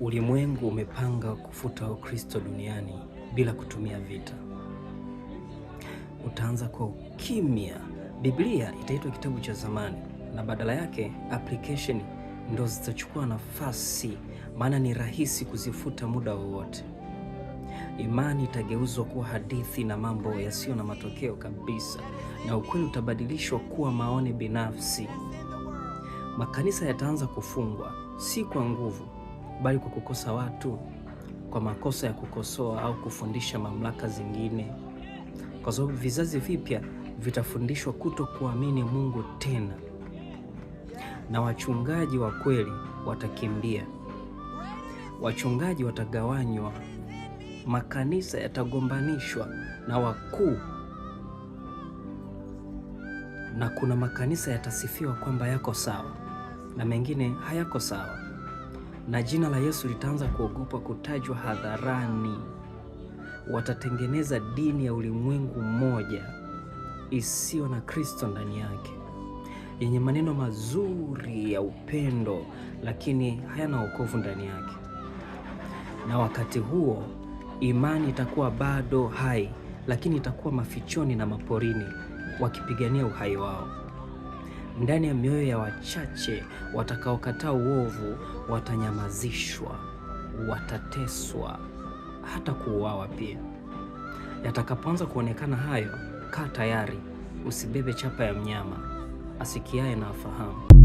Ulimwengu umepanga kufuta Ukristo duniani bila kutumia vita. Utaanza kwa ukimya. Biblia itaitwa kitabu cha zamani na badala yake application ndo zitachukua nafasi, maana ni rahisi kuzifuta muda wowote. Imani itageuzwa kuwa hadithi na mambo yasiyo na matokeo kabisa, na ukweli utabadilishwa kuwa maoni binafsi. Makanisa yataanza kufungwa, si kwa nguvu bali kwa kukosa watu, kwa makosa ya kukosoa au kufundisha mamlaka zingine, kwa sababu vizazi vipya vitafundishwa kuto kuamini Mungu tena, na wachungaji wa kweli watakimbia. Wachungaji watagawanywa, makanisa yatagombanishwa na wakuu, na kuna makanisa yatasifiwa kwamba yako sawa na mengine hayako sawa na jina la Yesu litaanza kuogopa kutajwa hadharani. Watatengeneza dini ya ulimwengu mmoja isiyo na Kristo ndani yake, yenye maneno mazuri ya upendo, lakini hayana wokovu ndani yake. Na wakati huo imani itakuwa bado hai, lakini itakuwa mafichoni na maporini, wakipigania uhai wao ndani ya mioyo ya wachache watakaokataa uovu, watanyamazishwa, watateswa, hata kuuawa pia. Yatakapoanza kuonekana hayo, kaa tayari, usibebe chapa ya mnyama asikiaye na afahamu.